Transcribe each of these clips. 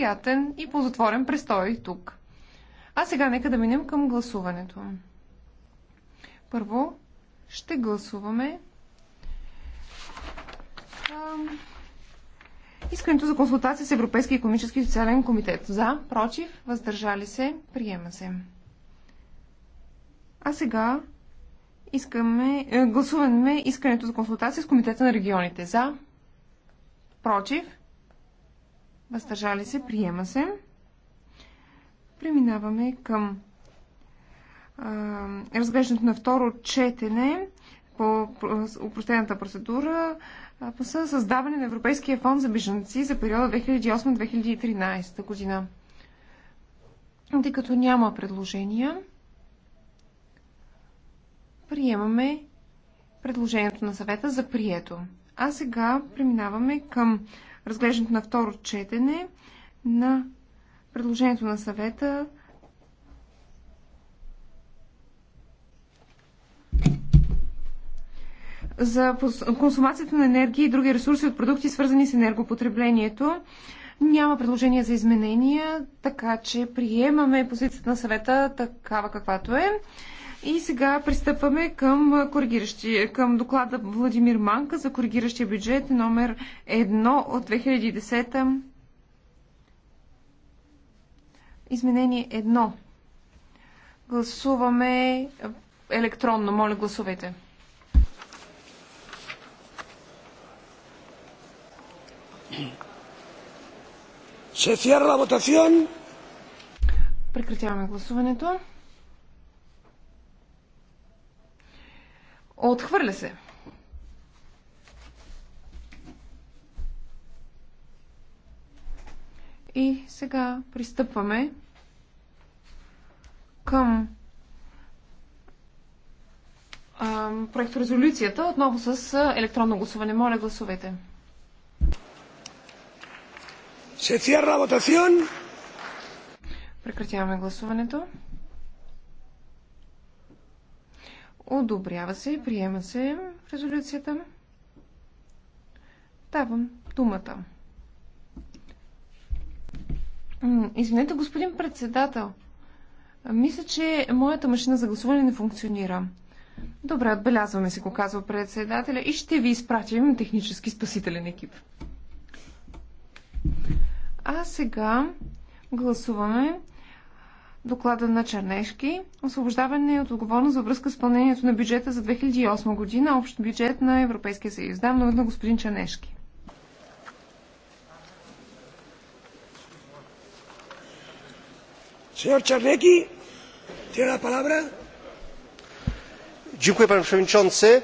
приятен и ползотворен престой тук. А сега нека да минем към гласуването. Първо ще гласуваме искането за консултация с Европейския економически и социален комитет. За, против, въздържали се, приема се. А сега искаме, е, гласуваме искането за консултация с Комитета на регионите. За, против, Въздържали се. Приема се. Преминаваме към а, разглеждането на второ четене по упростената процедура по създаване на Европейския фонд за бежанци за периода 2008-2013 година. Тъй като няма предложения, приемаме предложението на съвета за прието. А сега преминаваме към разглеждането на второ четене на предложението на съвета за консумацията на енергия и други ресурси от продукти, свързани с енергопотреблението. Няма предложения за изменения, така че приемаме позицията на съвета такава каквато е. И сега пристъпваме към, към доклада Владимир Манка за коригиращия бюджет номер 1 от 2010. Изменение 1. Гласуваме електронно. Моля, гласувайте. Се cierra Прекратяваме гласуването. Отхвърля се. И сега пристъпваме към проект резолюцията отново с електронно гласуване. Моля, гласувайте. Се цierra Прекратяваме гласуването. Одобрява се и приема се резолюцията. Давам думата. Извинете, господин председател. Мисля, че моята машина за гласуване не функционира. Добре, отбелязваме се, го казва председателя и ще ви изпратим технически спасителен екип. А сега гласуваме доклада на Чернешки, освобождаване от отговорност за връзка с изпълнението на бюджета за 2008 година, общ бюджет на Европейския съюз. Дам думата на господин Чернешки. Señor Czarnecki, tiene la palabra. Dziękuję, panie przewodniczący.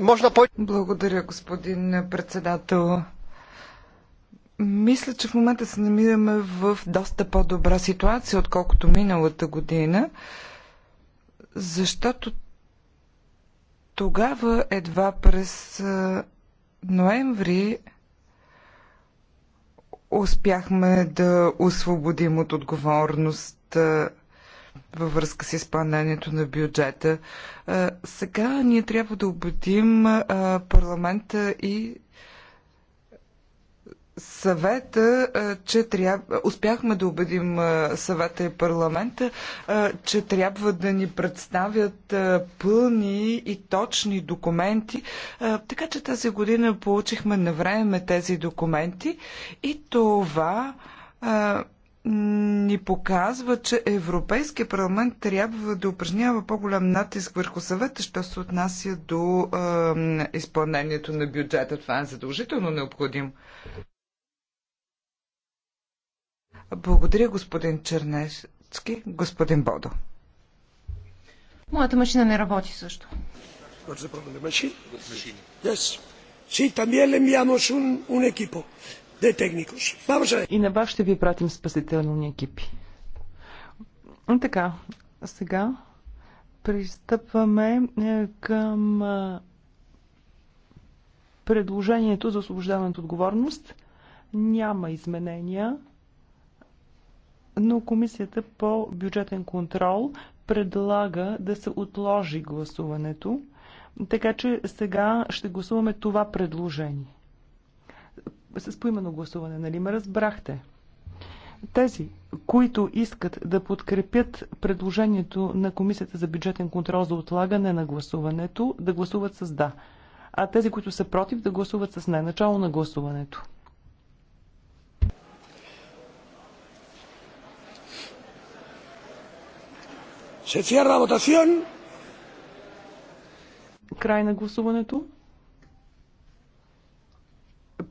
Można powiedzieć... Благодаря, господин председател. Мисля, че в момента се намираме в доста по-добра ситуация, отколкото миналата година, защото тогава едва през ноември успяхме да освободим от отговорност във връзка с изпълнението на бюджета. Сега ние трябва да убедим парламента и съвета, че трябва, успяхме да убедим съвета и парламента, че трябва да ни представят пълни и точни документи. Така че тази година получихме на време тези документи и това ни показва, че Европейския парламент трябва да упражнява по-голям натиск върху съвета, що се отнася до е, изпълнението на бюджета. Това е задължително необходимо. Благодаря, господин Чернецки. Господин Бодо. Моята машина не работи също. Е И на вас ще ви пратим спасителни екипи. Така, сега пристъпваме е, към е, предложението за освобождаването отговорност. Няма изменения но Комисията по бюджетен контрол предлага да се отложи гласуването, така че сега ще гласуваме това предложение. С поимено гласуване, нали ме разбрахте? Тези, които искат да подкрепят предложението на Комисията за бюджетен контрол за отлагане на гласуването, да гласуват с да. А тези, които са против, да гласуват с не. Начало на гласуването. Се cierra votación. Край на гласуването.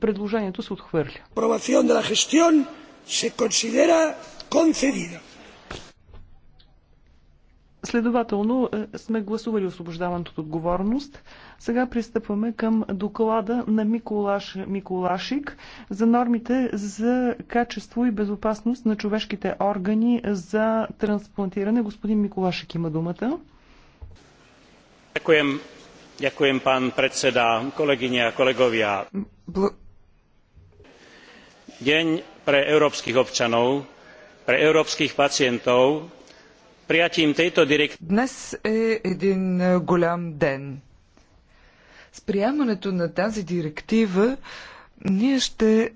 Предложението се отхвърля. Aprobación de la gestión se considera concedida. Следователно е, сме гласували освобождаването от отговорност. Сега пристъпваме към доклада на Миколаш Миколашик за нормите за качество и безопасност на човешките органи за трансплантиране. Господин Миколашик има думата. Дякуем, дякуем пан председа, колегиня, колеговия. Бл... Ден пре европских обчанов, пре европских пациентов, Днес е един голям ден. С приемането на тази директива ние ще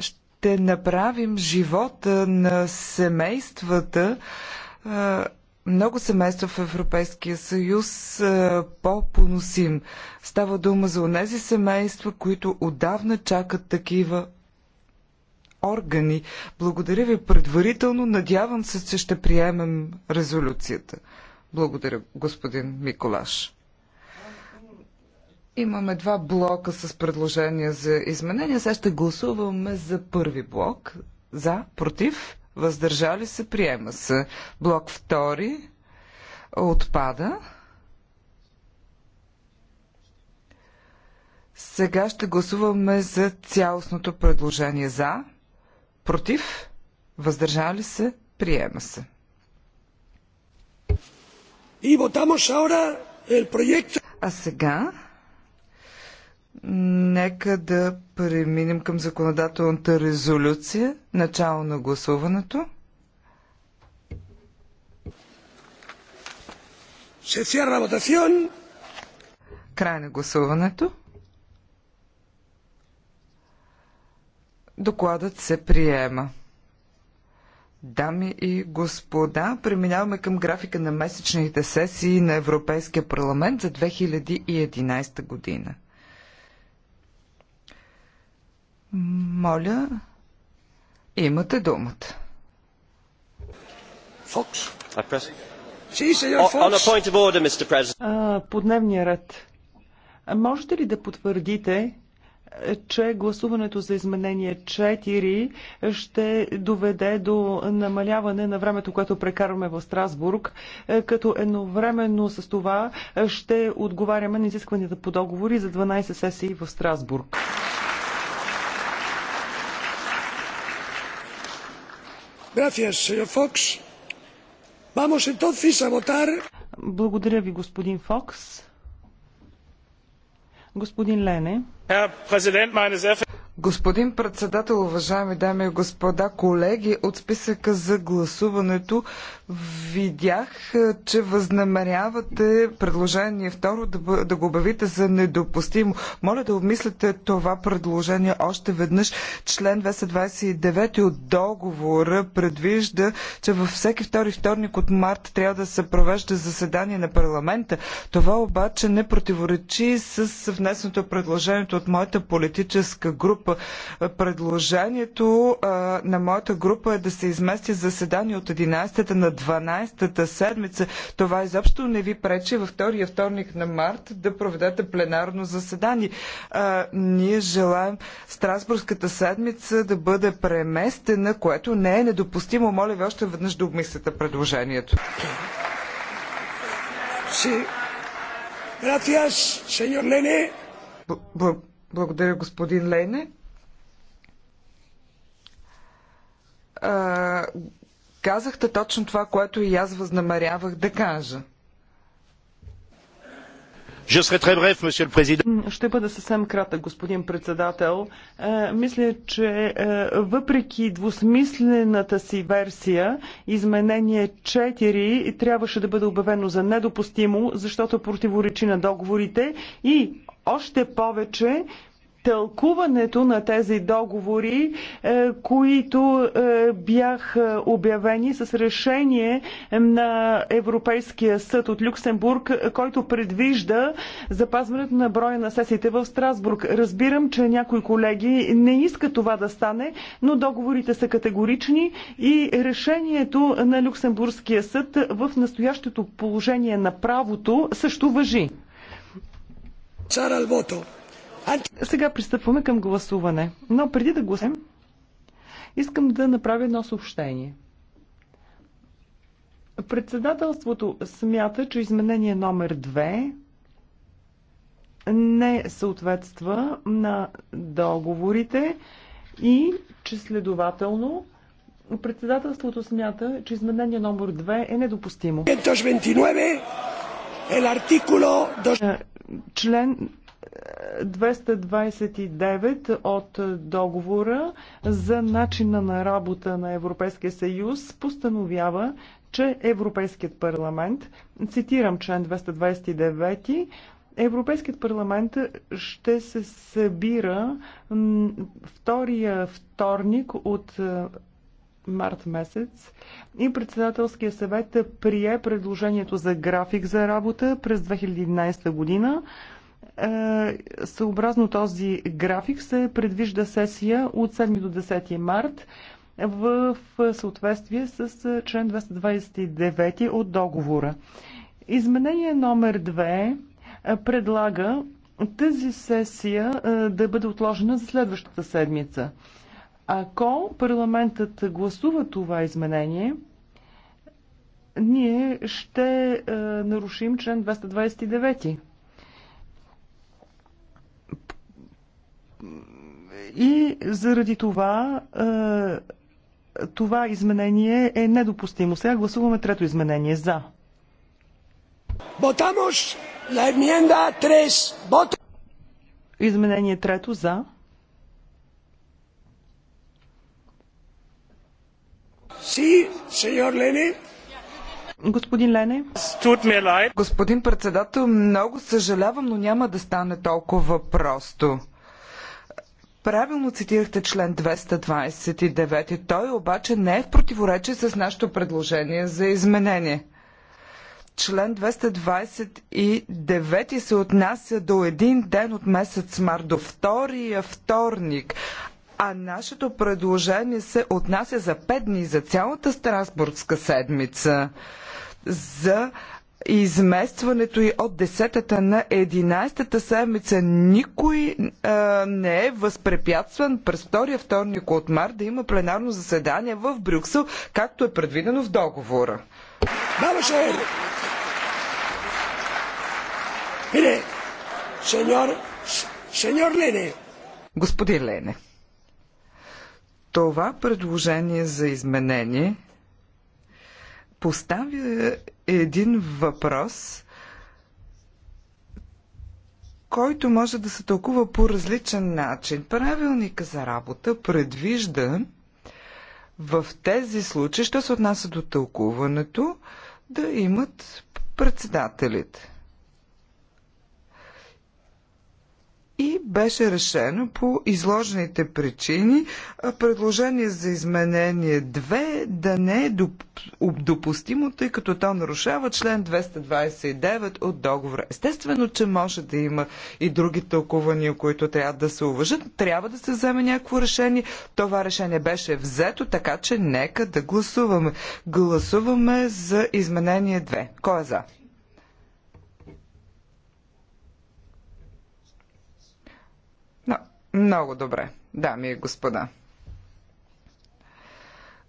ще направим живота на семействата много семейства в Европейския съюз по-поносим. Става дума за онези семейства, които отдавна чакат такива органи. Благодаря ви предварително. Надявам се, че ще приемем резолюцията. Благодаря, господин Миколаш. Имаме два блока с предложения за изменения. Сега ще гласуваме за първи блок. За, против, въздържали се, приема се. Блок втори отпада. Сега ще гласуваме за цялостното предложение за. Против? Въздържали се? Приема се. И votamos ahora el proyecto. А сега нека да преминем към законодателната резолюция, начало на гласуването. Се cierra Край на гласуването. Докладът се приема. Дами и господа, преминаваме към графика на месечните сесии на Европейския парламент за 2011 година. Моля, имате думата. Фокс. По дневния ред. Можете ли да потвърдите, че гласуването за изменение 4 ще доведе до намаляване на времето, което прекарваме в Страсбург, е, като едновременно с това е, ще отговаряме на изискванията по договори за 12 сесии в Страсбург. Благодаря ви, господин Фокс. Господин Лене. Господин председател, уважаеми дами и господа, колеги, от списъка за гласуването видях, е, че възнамерявате предложение второ да, да го обявите за недопустимо. Моля да обмислите това предложение още веднъж. Член 229 от договора предвижда, че във всеки втори вторник от март трябва да се провежда заседание на парламента. Това обаче не противоречи с внесеното предложението от моята политическа група група. Предложението на моята група е да се измести заседание от 11-та на 12-та седмица. Това изобщо не ви пречи във втория вторник на март да проведете пленарно заседание. ние желаем Страсбургската седмица да бъде преместена, което не е недопустимо. Моля ви още веднъж да обмислите предложението. Gracias, señor Lene. Благодаря, господин Лейне. А, казахте точно това, което и аз възнамерявах да кажа. Ще бъда съвсем кратък, господин председател. Е, мисля, че е, въпреки двусмислената си версия, изменение 4 трябваше да бъде обявено за недопустимо, защото противоречи на договорите и още повече тълкуването на тези договори, е, които е, бяха е, обявени с решение на Европейския съд от Люксембург, който предвижда запазването на броя на сесиите в Страсбург. Разбирам, че някои колеги не искат това да стане, но договорите са категорични и решението на Люксембургския съд в настоящото положение на правото също въжи. Чара сега пристъпваме към гласуване. Но преди да гласим, искам да направя едно съобщение. Председателството смята, че изменение номер 2 не съответства на договорите и че следователно председателството смята, че изменение номер 2 е недопустимо. Член 229 от договора за начина на работа на Европейския съюз постановява, че Европейският парламент, цитирам член 229, Европейският парламент ще се събира втория вторник от е, март месец и председателския съвет прие предложението за график за работа през 2011 година. Е, съобразно този график се предвижда сесия от 7 до 10 март в съответствие с член 229 от договора. Изменение номер 2 е, предлага тази сесия е, да бъде отложена за следващата седмица. Ако парламентът гласува това изменение, ние ще нарушим член 229. И заради това е, това изменение е недопустимо. Сега гласуваме трето изменение. За. Ботамош на емиенда трес. Изменение трето за. Си, сеньор Лени. Господин Лене. Господин председател, много съжалявам, но няма да стане толкова просто. Правилно цитирахте член 229. Той обаче не е в противоречие с нашето предложение за изменение. Член 229 се отнася до един ден от месец март, до втория вторник. А нашето предложение се отнася за 5 дни за цялата Страсбургска седмица за изместването и от 10-та на 11-та седмица. Никой а, не е възпрепятстван през втория вторник от март да има пленарно заседание в Брюксел, както е предвидено в договора. Господин Лене, това предложение за изменение поставя един въпрос, който може да се тълкува по различен начин. Правилника за работа предвижда в тези случаи, що се отнася до тълкуването, да имат председателите. и беше решено по изложените причини предложение за изменение 2 да не е допустимо, тъй като то нарушава член 229 от договора. Естествено, че може да има и други тълкувания, които трябва да се уважат. Трябва да се вземе някакво решение. Това решение беше взето, така че нека да гласуваме. Гласуваме за изменение 2. Кой е за? Много добре, дами и господа.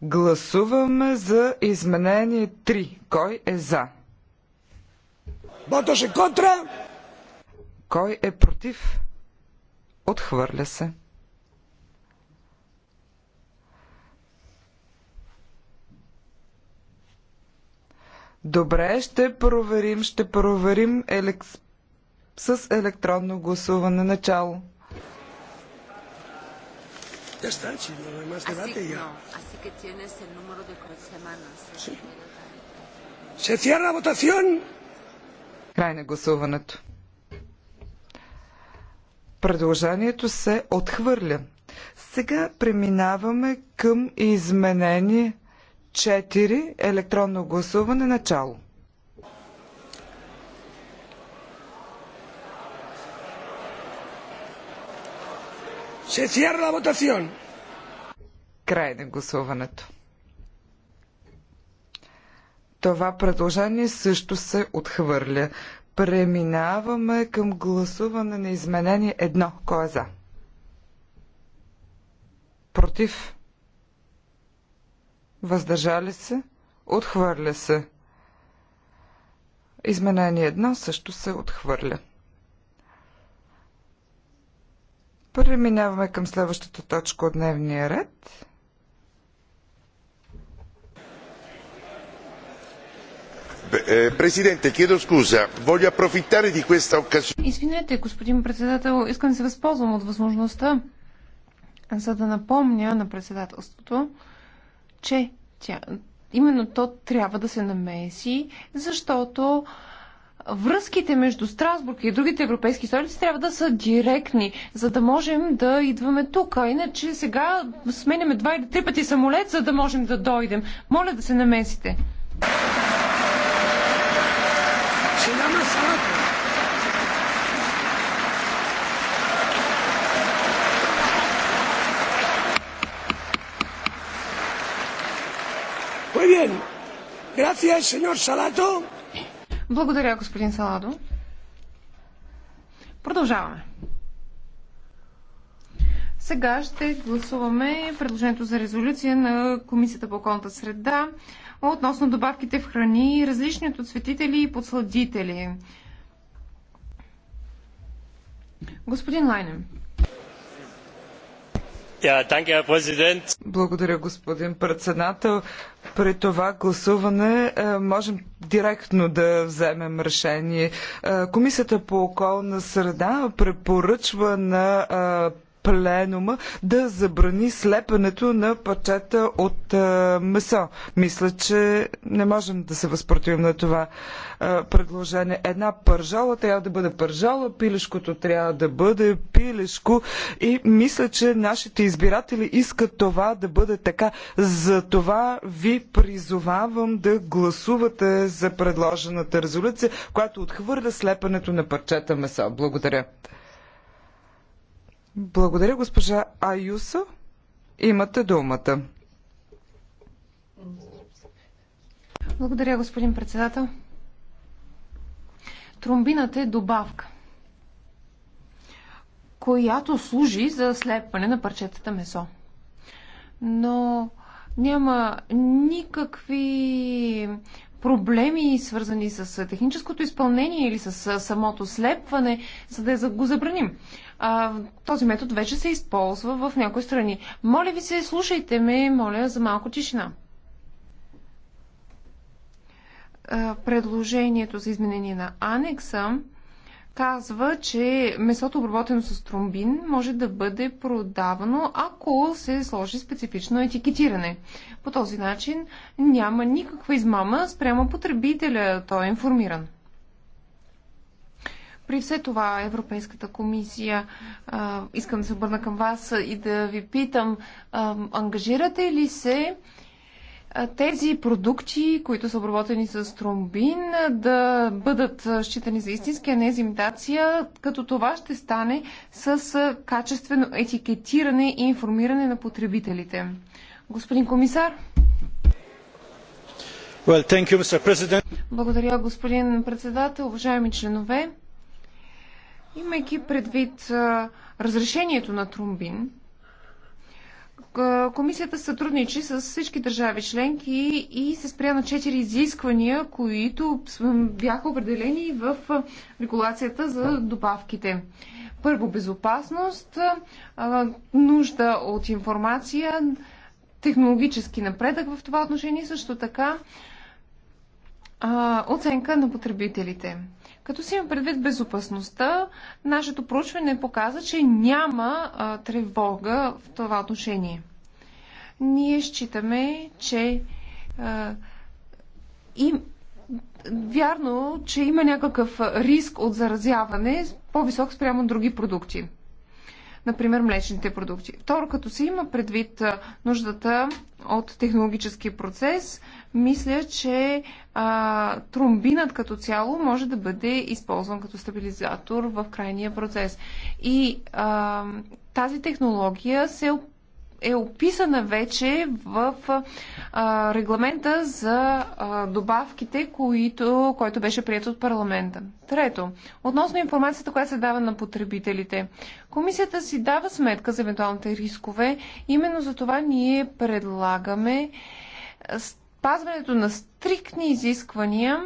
Гласуваме за изменение 3. Кой е за? Ботоше контра! Кой е против? Отхвърля се. Добре, ще проверим, ще проверим елек... с електронно гласуване начало. Ya está, si no hay más debate así, ya. No, así que tienes el número de semanas. ¿eh? Sí. Se cierra la votación. Край на гласуването. Предложението се отхвърля. Сега преминаваме към изменение 4 електронно гласуване начало. Се cierra Край на гласуването. Това предложение също се отхвърля. Преминаваме към гласуване на изменение едно. Кой е за? Против? Въздържали се? Отхвърля се. Изменение едно също се отхвърля. Преминаваме към следващата точка от дневния ред. Е, Президенте, chiedo scusa, voglio approfittare di questa occasione. Извинете, господин председател, искам да се възползвам от възможността, за да напомня на председателството, че тя, именно то трябва да се намеси, защото връзките между Страсбург и другите европейски столици трябва да са директни, за да можем да идваме тук. А иначе сега сменяме два или три пъти самолет, за да можем да дойдем. Моля да се намесите. Muy bien. Gracias, señor Salato. Благодаря, господин Саладо. Продължаваме. Сега ще гласуваме предложението за резолюция на Комисията по околната среда относно добавките в храни, различни от цветители и подсладители. Господин Лайнен. Благодаря, господин председател. При това гласуване е, можем директно да вземем решение. Е, Комисията по околна среда препоръчва на е, пленума да забрани слепенето на парчета от е, месо. Мисля, че не можем да се възпротивим на това е, предложение. Една пържала, трябва да бъде пържала, пилешкото трябва да бъде пилешко и мисля, че нашите избиратели искат това да бъде така. За това ви призовавам да гласувате за предложената резолюция, която отхвърля слепенето на парчета месо. Благодаря. Благодаря, госпожа Аюса. Имате думата. Благодаря, господин председател. Тромбината е добавка, която служи за слепване на парчетата месо. Но няма никакви проблеми, свързани с техническото изпълнение или с самото слепване, за да го забраним. А, този метод вече се използва в някои страни. Моля ви се, слушайте ме, моля за малко тишина. А, предложението за изменение на анекса казва, че месото обработено с тромбин може да бъде продавано, ако се сложи специфично етикетиране. По този начин няма никаква измама спрямо потребителя, той е информиран. При все това Европейската комисия, а, искам да се обърна към вас и да ви питам, а, ангажирате ли се тези продукти, които са обработени с тромбин, да бъдат считани за истински, а не за имитация, като това ще стане с качествено етикетиране и информиране на потребителите. Господин комисар. Well, thank you, Mr. President. Благодаря, господин председател, уважаеми членове. Имайки предвид разрешението на тромбин, Комисията сътрудничи с всички държави членки и се спря на четири изисквания, които бяха определени в регулацията за добавките. Първо, безопасност, нужда от информация, технологически напредък в това отношение, също така оценка на потребителите. Като си има предвид безопасността, нашето проучване показа, че няма а, тревога в това отношение. Ние считаме, че а, и, вярно, че има някакъв риск от заразяване по-висок спрямо други продукти например, млечните продукти. Второ, като се има предвид нуждата от технологически процес, мисля, че а, тромбинът като цяло може да бъде използван като стабилизатор в крайния процес. И а, тази технология се е описана вече в а, регламента за а, добавките, които, който беше прият от парламента. Трето, относно информацията, която се дава на потребителите. Комисията си дава сметка за евентуалните рискове. Именно за това ние предлагаме спазването на стриктни изисквания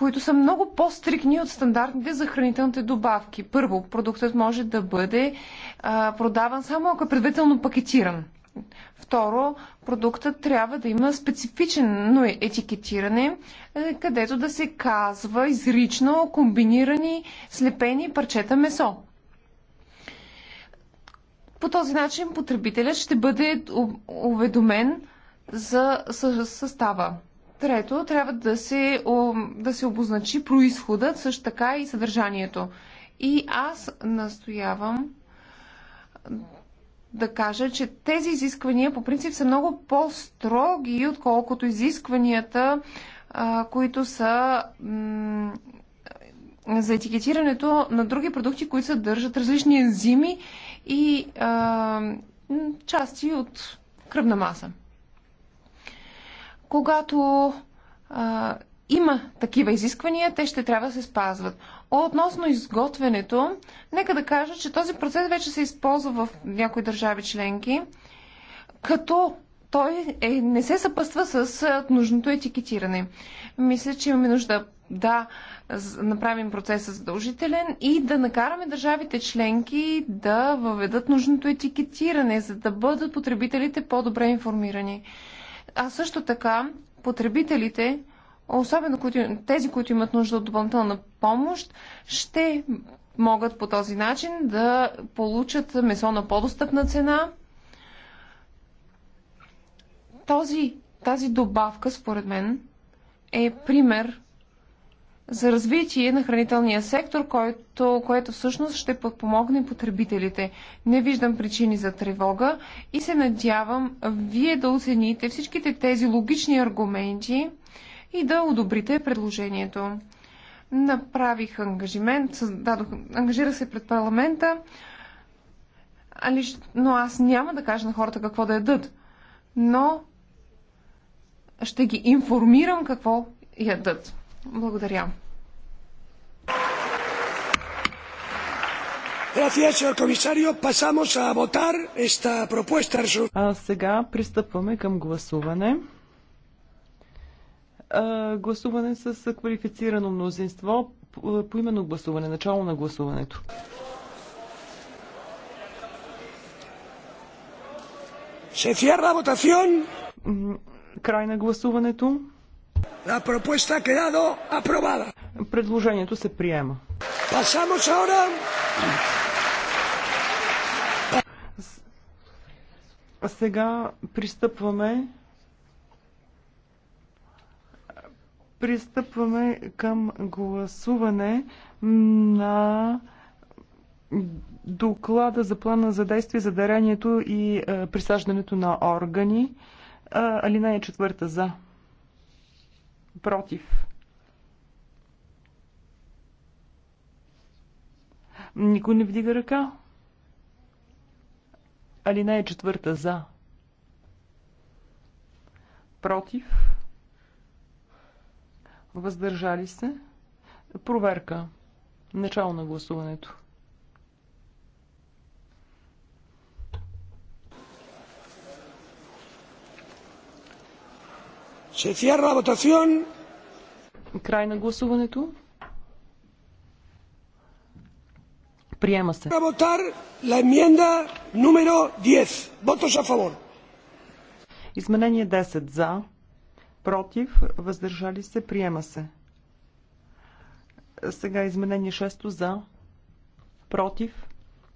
които са много по-стрикни от стандартните за хранителните добавки. Първо, продуктът може да бъде а, продаван само ако е предварително пакетиран. Второ, продуктът трябва да има специфично етикетиране, е, където да се казва изрично комбинирани слепени парчета месо. По този начин потребителят ще бъде уведомен за състава. Трето, трябва да се, да се обозначи происходът, също така и съдържанието. И аз настоявам да кажа, че тези изисквания по принцип са много по-строги, отколкото изискванията, които са за етикетирането на други продукти, които съдържат различни ензими и части от кръвна маса когато а, има такива изисквания, те ще трябва да се спазват. Относно изготвянето, нека да кажа, че този процес вече се използва в някои държави членки, като той е, не се съпъства с нужното етикетиране. Мисля, че имаме нужда да направим процеса задължителен и да накараме държавите членки да въведат нужното етикетиране, за да бъдат потребителите по-добре информирани. А също така потребителите, особено тези, които имат нужда от допълнителна помощ, ще могат по този начин да получат месо на по-достъпна цена. Този, тази добавка, според мен, е пример за развитие на хранителния сектор, който, което всъщност ще подпомогне потребителите. Не виждам причини за тревога и се надявам вие да оцените всичките тези логични аргументи и да одобрите предложението. Направих ангажимент, създадох, ангажира се пред парламента, но аз няма да кажа на хората какво да ядат. Но ще ги информирам какво ядат. Благодаря. А сега пристъпваме към гласуване. А, гласуване с квалифицирано мнозинство, По именно гласуване, начало на гласуването. Се Край на гласуването. La propuesta ha quedado aprobada. Предложението се приема. Pasamos ahora Сега пристъпваме пристъпваме към гласуване на доклада за плана за действие за дарението и е, присаждането на органи. А, алинея четвърта за. Против. Никой не вдига ръка. Алинея четвърта за. Против. Въздържали се. Проверка. Начало на гласуването. Се cierra Край на гласуването. Приема се. Изменение 10 за, против, въздържали се, приема се. Сега изменение 6 за, против,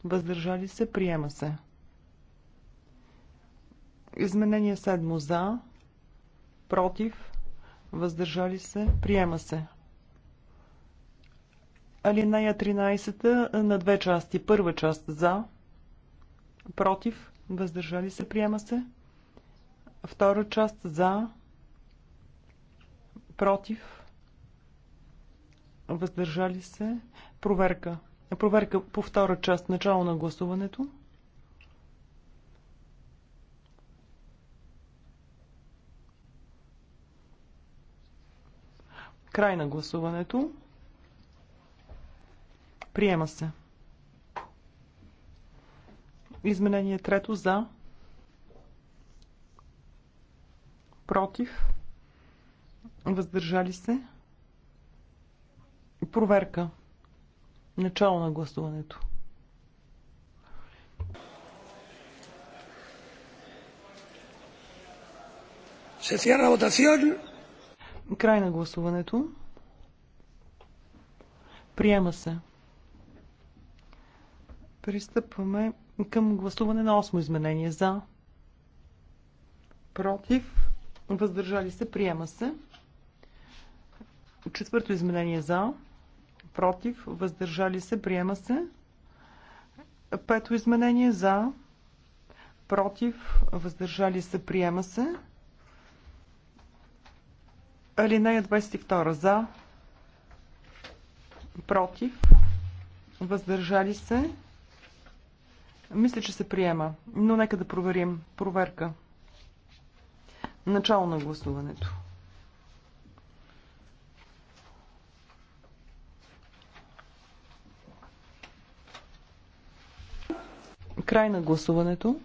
въздържали се, приема се. Изменение 7 за, против, въздържали се, приема се. Алинея 13 на две части. Първа част за, против, въздържали се, приема се. Втора част за, против, въздържали се. Проверка. Проверка по втора част. Начало на гласуването. Край на гласуването. Приема се. Изменение трето за. Против. Въздържали се. Проверка. Начало на гласуването. Се cierra votación. Край на гласуването. Приема се. Пристъпваме към гласуване на 8 изменение. За. Против. Въздържали се. Приема се. Четвърто изменение. За. Против. Въздържали се. Приема се. Пето изменение. За. Против. Въздържали се. Приема се. Алинея 22. За. Против. Въздържали се. Мисля, че се приема, но нека да проверим. Проверка. Начало на гласуването. Край на гласуването.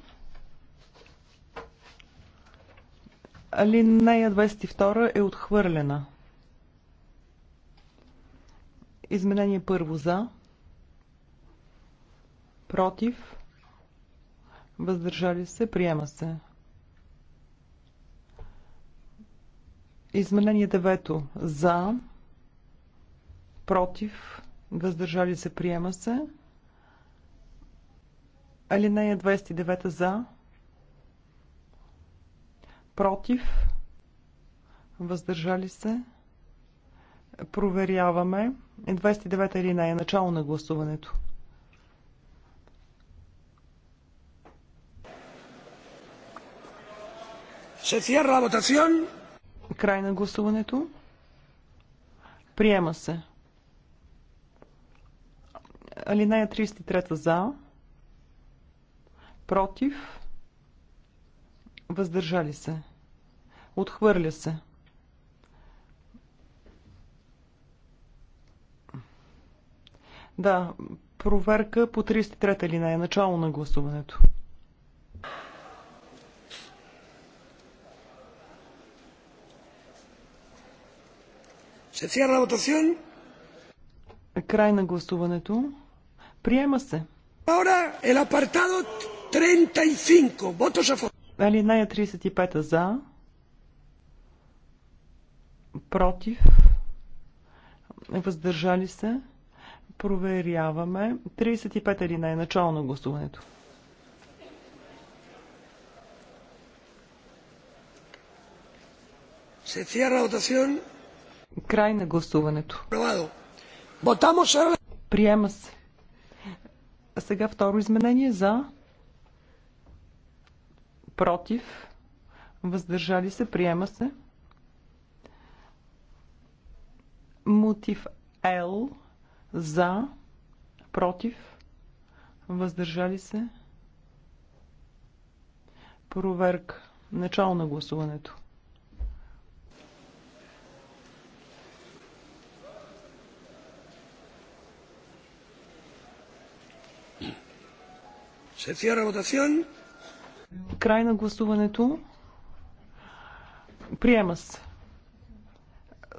Алинея 22 е отхвърлена. Изменение първо за. Против въздържали се, приема се. Изменение 9 за, против, въздържали се, приема се. Алинея 29 за, против, въздържали се. Проверяваме. 29 алинея, начало на гласуването. Край на гласуването. Приема се. Алинея 33 за. Против. Въздържали се. Отхвърля се. Да, проверка по 33-та линия, начало на гласуването. Край на гласуването. Приема се. Ahora el apartado 35. Votos a favor. Алинея 35 за. Против. Въздържали се. Проверяваме. 35 алинея. Начало на гласуването. Се цяра votación. Край на гласуването. Приема се. А сега второ изменение за против, въздържали се, приема се. Мотив Л за против, въздържали се. Проверка. Начало на гласуването. Край на гласуването. Приема се.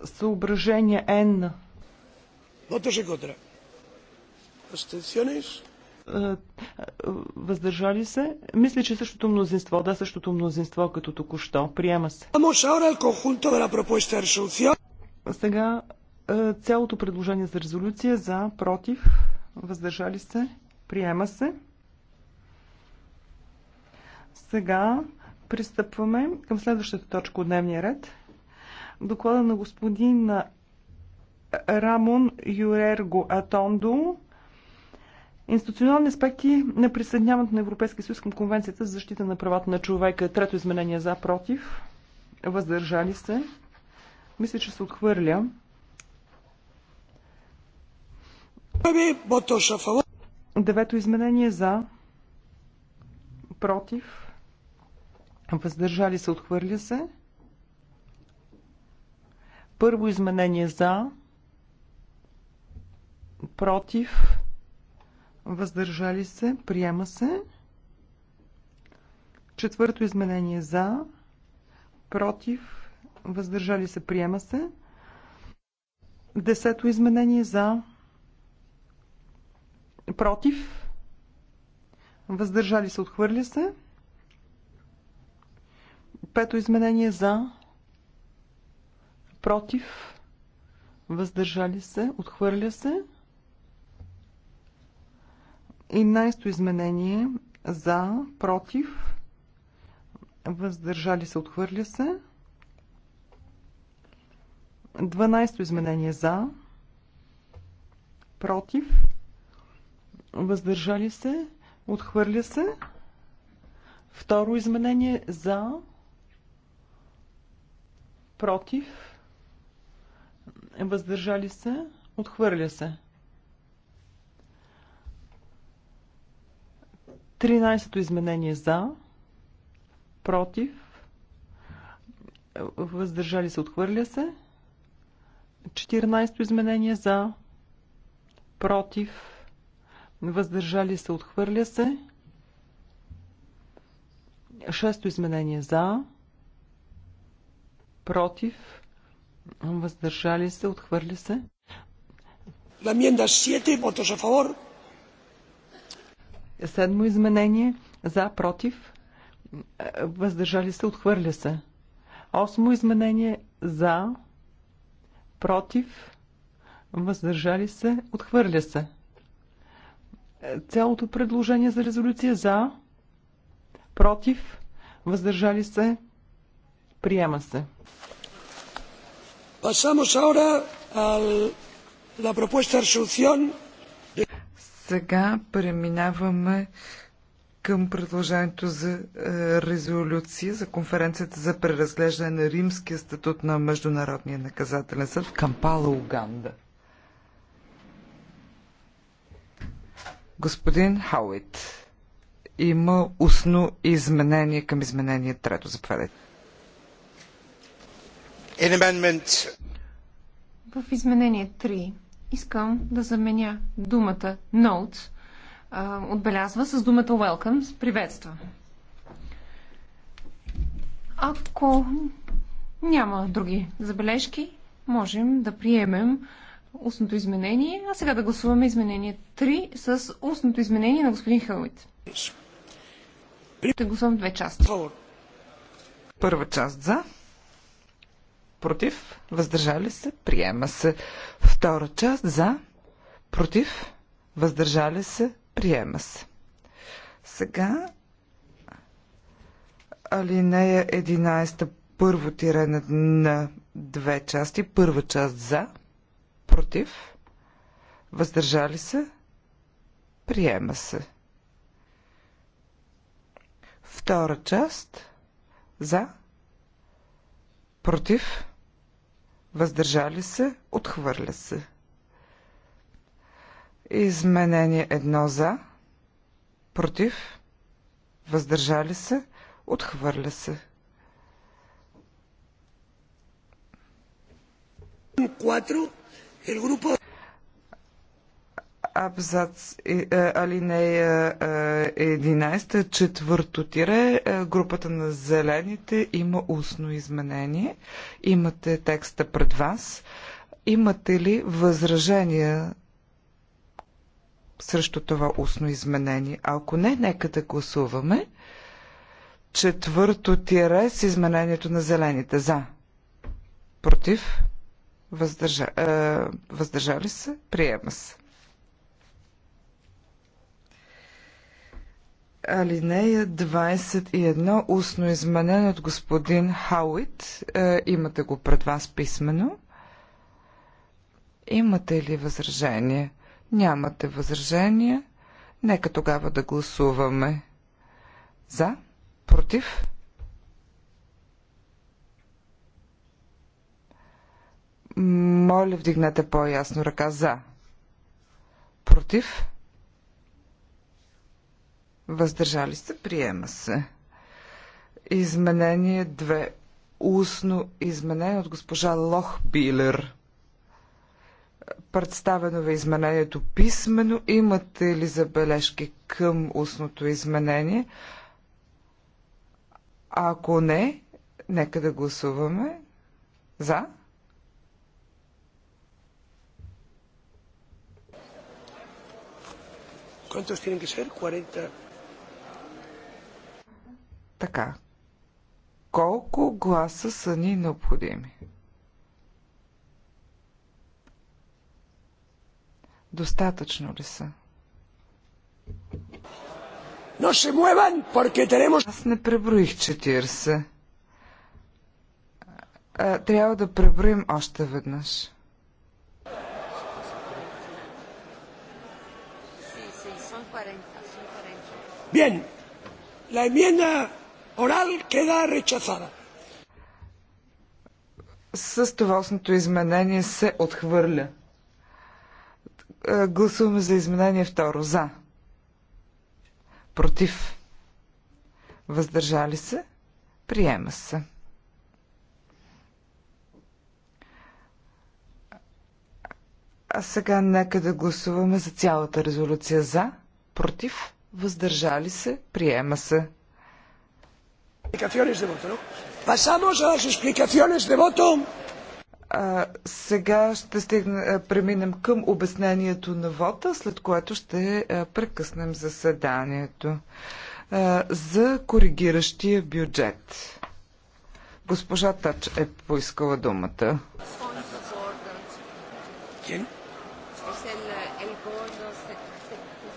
Съображение Н. Votos en contra. Abstenciones. Е, е, въздържали се? Мисля, че същото мнозинство. Да, същото мнозинство като току-що. Приема се. Сега е, цялото предложение за резолюция за, против, въздържали се, приема се. Сега пристъпваме към следващата точка от дневния ред. Доклада на господин Рамон Юрерго Атондо Институционални аспекти на присъединяването на Европейския съюз към Конвенцията за защита на правата на човека. Трето изменение за против. Въздържали се. Мисля, че се отхвърля. Девето изменение за против, въздържали се, отхвърля се. Първо изменение за, против, въздържали се, приема се. Четвърто изменение за, против, въздържали се, приема се. Десето изменение за, против, Въздържали се, отхвърля се. Пето изменение за. Против. Въздържали се, отхвърля се. 11-то изменение за, против, въздържали се, отхвърля се. Дванайсто изменение за, против, въздържали се, Отхвърля се. Второ изменение за. Против. Въздържали се. Отхвърля се. 13-то изменение за. Против. Въздържали се. Отхвърля се. 14-то изменение за. Против въздържали се, отхвърля се. Шесто изменение за, против, въздържали се, отхвърля се. La enmienda 7, votos a favor. Седмо изменение за, против, въздържали се, отхвърля се. Осмо изменение за, против, въздържали се, отхвърля се цялото предложение за резолюция за, против, въздържали се, приема се. ahora la propuesta de resolución. Сега преминаваме към предложението за е, резолюция за конференцията за преразглеждане на римския статут на Международния наказателен съд в Кампала, Уганда. Господин Хауит има устно изменение към изменение трето. Заповядайте. В изменение 3 искам да заменя думата note, отбелязва с думата welcome, приветства. Ако няма други забележки, можем да приемем устното изменение. А сега да гласуваме изменение 3 с устното изменение на господин Хелвит. Ще гласувам две части. Първа част за. Против. Въздържали се. Приема се. Втора част за. Против. Въздържали се. Приема се. Сега алинея 11 първо тире на две части. Първа част за Против. Въздържали се. Приема се. Втора част. За. Против. Въздържали се. Отхвърля се. Изменение едно за. Против. Въздържали се. Отхвърля се. Cuatro абзац е, е, алинея 11, е, четвърто тире, групата на зелените има устно изменение. Имате текста пред вас. Имате ли възражения срещу това устно изменение? Ако не, нека да гласуваме. Четвърто тире с изменението на зелените. За. Против въздържа, въздържали се, приема се. Алинея 21, устно изменен от господин Хауит. Е, имате го пред вас писменно. Имате ли възражение? Нямате възражение. Нека тогава да гласуваме. За? Против? Моля, вдигнете по-ясно ръка за. Против? Въздържали се? Приема се. Изменение две. Устно изменение от госпожа Лох Билер. Представено ви изменението писмено. Имате ли забележки към устното изменение? Ако не, нека да гласуваме. За? ¿Cuántos tienen que ser? 40. Така. Колко гласа са ни необходими? Достатъчно ли са? No se muevan porque tenemos... Аз не преброих 40. трябва да преброим още веднъж. Bien, la enmienda oral queda rechazada. С това осното изменение се отхвърля. Е, гласуваме за изменение второ. За. Против. Въздържали се. Приема се. А сега нека да гласуваме за цялата резолюция за, против, въздържали се, приема се. А, сега ще стигна, преминем към обяснението на вота, след което ще прекъснем заседанието а, за коригиращия бюджет. Госпожа Тач е поискала думата. Кен?